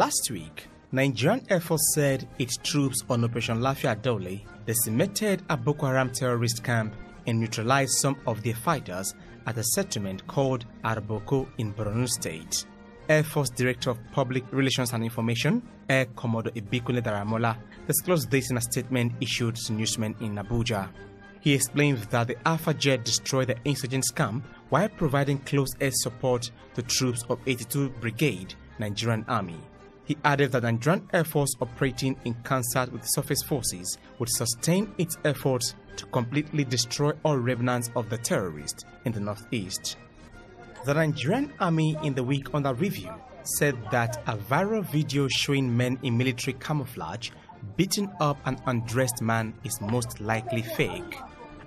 Last week, Nigerian Air Force said its troops on Operation Lafia Dole decimated a Boko Haram terrorist camp and neutralized some of their fighters at a settlement called Arboko in Borno State. Air Force Director of Public Relations and Information, Air Commodore Ibikule Daramola, disclosed this in a statement issued to newsmen in Abuja. He explained that the Alpha jet destroyed the insurgents' camp while providing close air support to troops of 82 Brigade, Nigerian Army. He added that Nigerian Air Force operating in concert with surface forces would sustain its efforts to completely destroy all remnants of the terrorists in the northeast. The Nigerian army in the week under review said that a viral video showing men in military camouflage beating up an undressed man is most likely fake.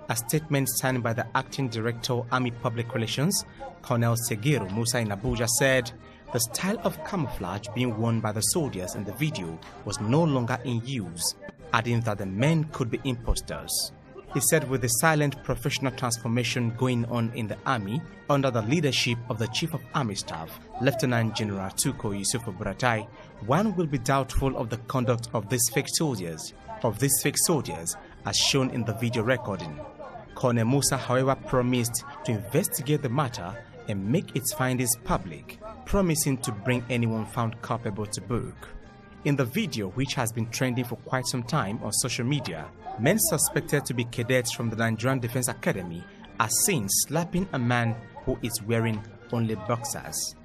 A statement signed by the acting director Army Public Relations, Colonel Segiro Musa in Abuja said, the style of camouflage being worn by the soldiers in the video was no longer in use, adding that the men could be imposters. He said with the silent professional transformation going on in the army under the leadership of the Chief of Army Staff, Lieutenant General Tuko Yusufu Buratai, one will be doubtful of the conduct of these fake soldiers, of these fake soldiers as shown in the video recording. Colonel Musa, however, promised to investigate the matter and make its findings public promising to bring anyone found culpable to book. In the video, which has been trending for quite some time on social media, men suspected to be cadets from the Nigerian Defense Academy are seen slapping a man who is wearing only boxers.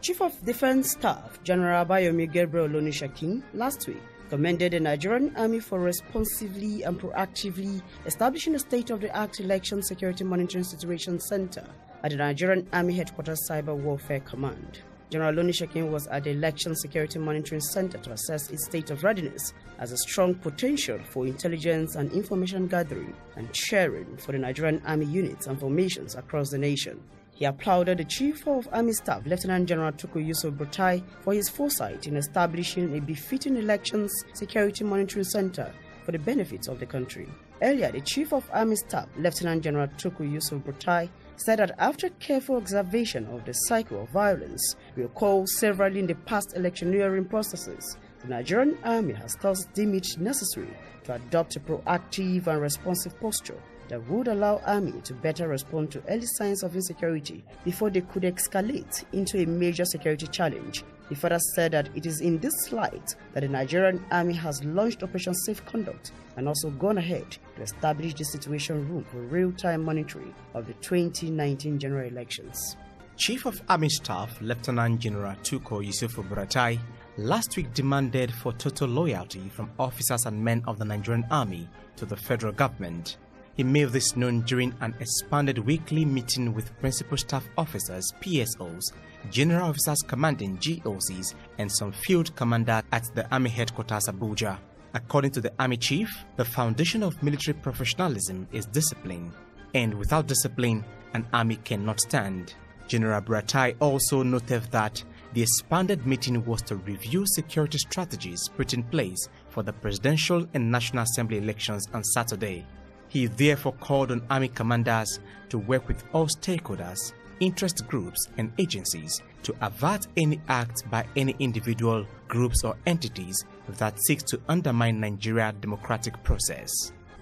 Chief of Defense Staff General Bayomi Gabriel Lonishakin last week commended the Nigerian Army for responsively and proactively establishing a state of the art election security monitoring situation center at the Nigerian Army Headquarters Cyber Warfare Command. General Loni Shekin was at the Election Security Monitoring Center to assess its state of readiness as a strong potential for intelligence and information gathering and sharing for the Nigerian Army units and formations across the nation. He applauded the Chief of Army Staff, Lieutenant General Tuku Yusuf Brutai, for his foresight in establishing a befitting Elections Security Monitoring Center for the benefit of the country. Earlier, the Chief of Army Staff, Lieutenant General Tuku Yusuf Brutai, said that after careful observation of the cycle of violence we recall several in the past electioneering processes, the Nigerian army has thus deemed it necessary to adopt a proactive and responsive posture that would allow army to better respond to early signs of insecurity before they could escalate into a major security challenge the further said that it is in this light that the Nigerian Army has launched Operation Safe Conduct and also gone ahead to establish the Situation Room for real time monitoring of the 2019 general elections. Chief of Army Staff Lieutenant General Tuko Yusufu Buratai last week demanded for total loyalty from officers and men of the Nigerian Army to the federal government he made this known during an expanded weekly meeting with principal staff officers, PSOs, general officers commanding GOCs, and some field commanders at the Army headquarters Abuja. According to the Army chief, the foundation of military professionalism is discipline, and without discipline, an army cannot stand. General Bratai also noted that the expanded meeting was to review security strategies put in place for the presidential and national assembly elections on Saturday. He therefore called on Army commanders to work with all stakeholders, interest groups, and agencies to avert any act by any individual, groups, or entities that seeks to undermine Nigeria's democratic process.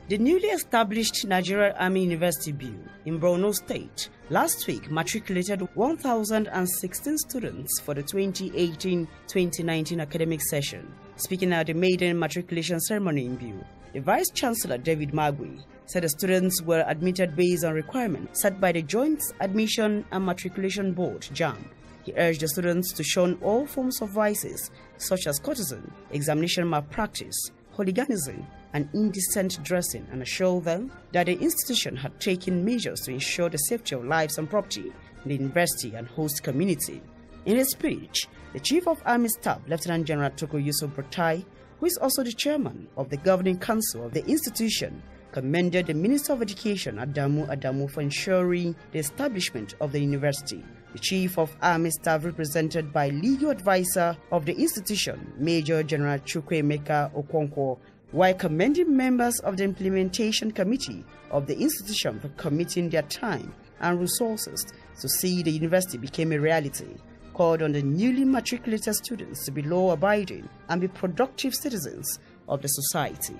The newly established Nigerian Army University Bill in Borno State last week matriculated 1,016 students for the 2018-2019 academic session. Speaking at the maiden matriculation ceremony in Biu, the Vice Chancellor David Magui Said the students were admitted based on requirements set by the Joint Admission and Matriculation Board, JAM. He urged the students to shun all forms of vices, such as courtesan, examination malpractice, hooliganism, and indecent dressing, and assured them that the institution had taken measures to ensure the safety of lives and property in the university and host community. In his speech, the Chief of Army Staff, Lieutenant General Toko Yusuf Bratai, who is also the chairman of the governing council of the institution, commended the Minister of Education Adamu Adamu for ensuring the establishment of the university. The Chief of Army Staff, represented by legal advisor of the institution, Major General Chukwemeka Okonkwo, while commending members of the implementation committee of the institution for committing their time and resources to see the university become a reality, called on the newly matriculated students to be law abiding and be productive citizens of the society.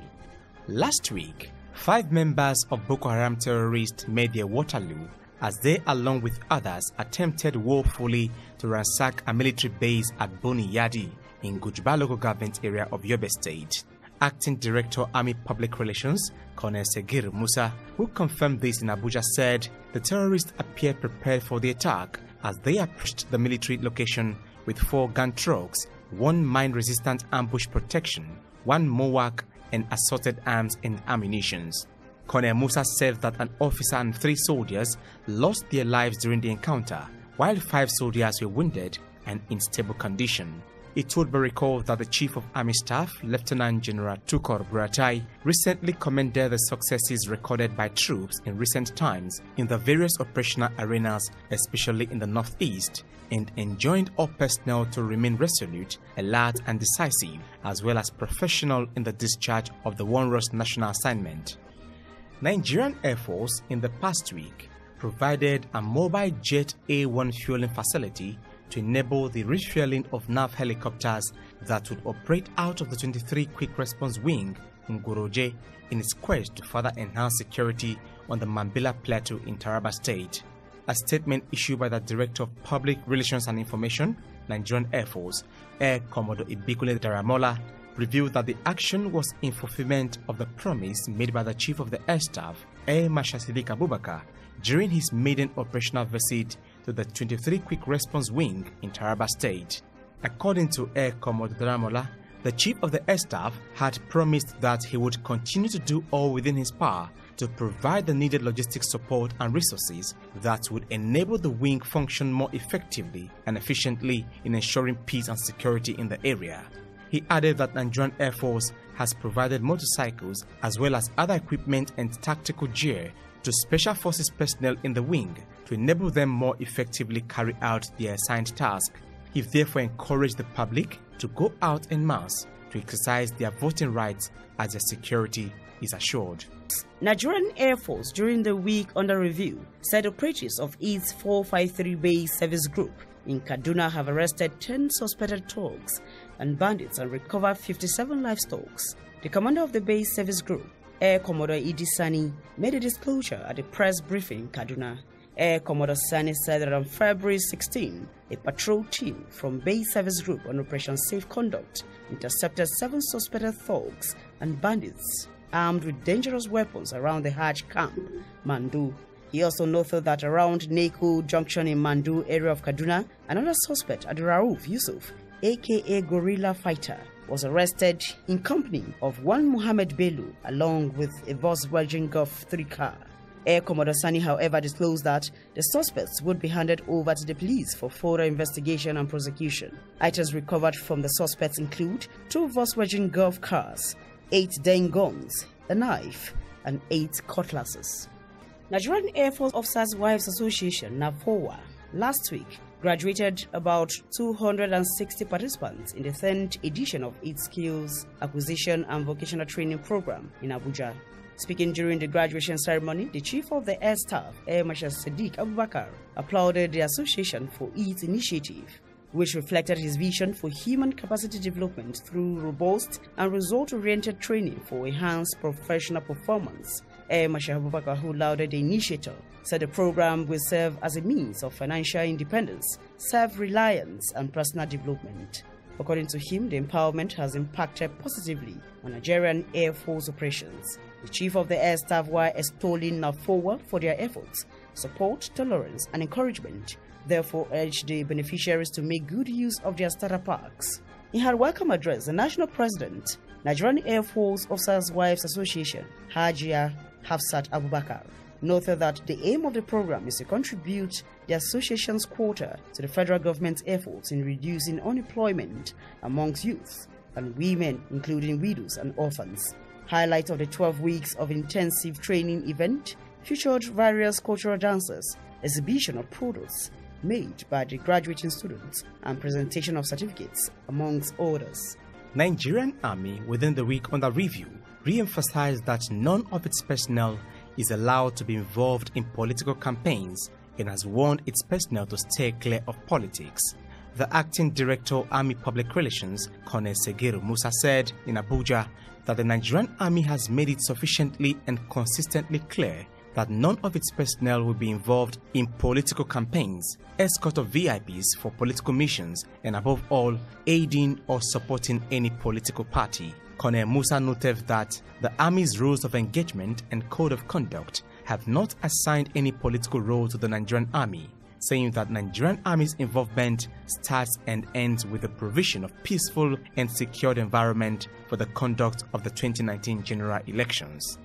Last week, Five members of Boko Haram terrorists made their Waterloo as they, along with others, attempted woefully to ransack a military base at Yadi in Gujba local government area of Yobe State. Acting Director Army Public Relations, Colonel Segir Musa, who confirmed this in Abuja, said the terrorists appeared prepared for the attack as they approached the military location with four gun trucks, one mine resistant ambush protection, one MOWAC, and assorted arms and ammunitions. Colonel Musa said that an officer and three soldiers lost their lives during the encounter, while five soldiers were wounded and in stable condition. It would be recalled that the Chief of Army Staff, Lieutenant General Tukor Buratai, recently commended the successes recorded by troops in recent times in the various operational arenas, especially in the northeast, and enjoined all personnel to remain resolute, alert, and decisive, as well as professional in the discharge of the onerous national assignment. Nigerian Air Force in the past week provided a mobile jet A1 fueling facility to enable the refueling of NAV helicopters that would operate out of the 23 Quick Response Wing Guruje, in its quest to further enhance security on the Mambila Plateau in Taraba State. A statement issued by the Director of Public Relations and Information, Nigerian Air Force, Air Commodore Ibikule Daramola, revealed that the action was in fulfillment of the promise made by the Chief of the Air Staff, Air Marshal Siddiq Abubakar, during his maiden operational visit to the 23 Quick Response Wing in Taraba State. According to Air Commodore Dramola, the chief of the air staff had promised that he would continue to do all within his power to provide the needed logistics support and resources that would enable the wing function more effectively and efficiently in ensuring peace and security in the area. He added that Nigerian Air Force has provided motorcycles as well as other equipment and tactical gear to Special Forces personnel in the wing to enable them more effectively carry out their assigned task. He therefore encouraged the public to go out en masse to exercise their voting rights as their security is assured. Nigerian Air Force during the week under review said operatives of its 453 Base Service Group in Kaduna have arrested 10 suspected thugs and bandits and recovered 57 livestock. The commander of the base service group Air Commodore E.D. made a disclosure at a press briefing in Kaduna. Air Commodore Sani said that on February 16, a patrol team from Bay Service Group on Operation Safe Conduct intercepted seven suspected thugs and bandits armed with dangerous weapons around the Hajj camp, Mandu. He also noted that around Neku Junction in Mandu area of Kaduna, another suspect, Adiraruf Yusuf, aka Gorilla Fighter, was arrested in company of one Muhammad Belu along with a Volkswagen Golf 3 car. Air Commodore Sani, however, disclosed that the suspects would be handed over to the police for further investigation and prosecution. Items recovered from the suspects include two Volkswagen Golf cars, eight Dane guns, a knife, and eight cutlasses. Nigerian Air Force Officers' Wives Association, NAFOA, last week graduated about 260 participants in the third edition of its Skills Acquisition and Vocational Training Program in Abuja. Speaking during the graduation ceremony, the chief of the air staff, Air Marshal Sadiq Abubakar, applauded the association for its initiative, which reflected his vision for human capacity development through robust and result oriented training for enhanced professional performance Air eh, Marshal who lauded the initiative, said the program will serve as a means of financial independence, self reliance, and personal development. According to him, the empowerment has impacted positively on Nigerian Air Force operations. The chief of the air staff were extolling NAFOA for their efforts, support, tolerance, and encouragement, therefore urged the beneficiaries to make good use of their starter packs. In her welcome address, the national president, Nigerian Air Force Officers Wives Association, Hajia Hafsat Abubakar noted that the aim of the program is to contribute the association's quota to the federal government's efforts in reducing unemployment amongst youth and women, including widows and orphans. Highlight of the 12 weeks of intensive training event featured various cultural dances, exhibition of products made by the graduating students, and presentation of certificates, amongst others. Nigerian Army within the week under review re-emphasized that none of its personnel is allowed to be involved in political campaigns and has warned its personnel to stay clear of politics. The acting director of Army Public Relations, Colonel Segeru Musa, said in Abuja that the Nigerian Army has made it sufficiently and consistently clear that none of its personnel will be involved in political campaigns, escort of VIPs for political missions, and above all, aiding or supporting any political party. Colonel Musa noted that the Army's rules of engagement and code of conduct have not assigned any political role to the Nigerian Army, saying that Nigerian Army's involvement starts and ends with the provision of peaceful and secured environment for the conduct of the 2019 general elections.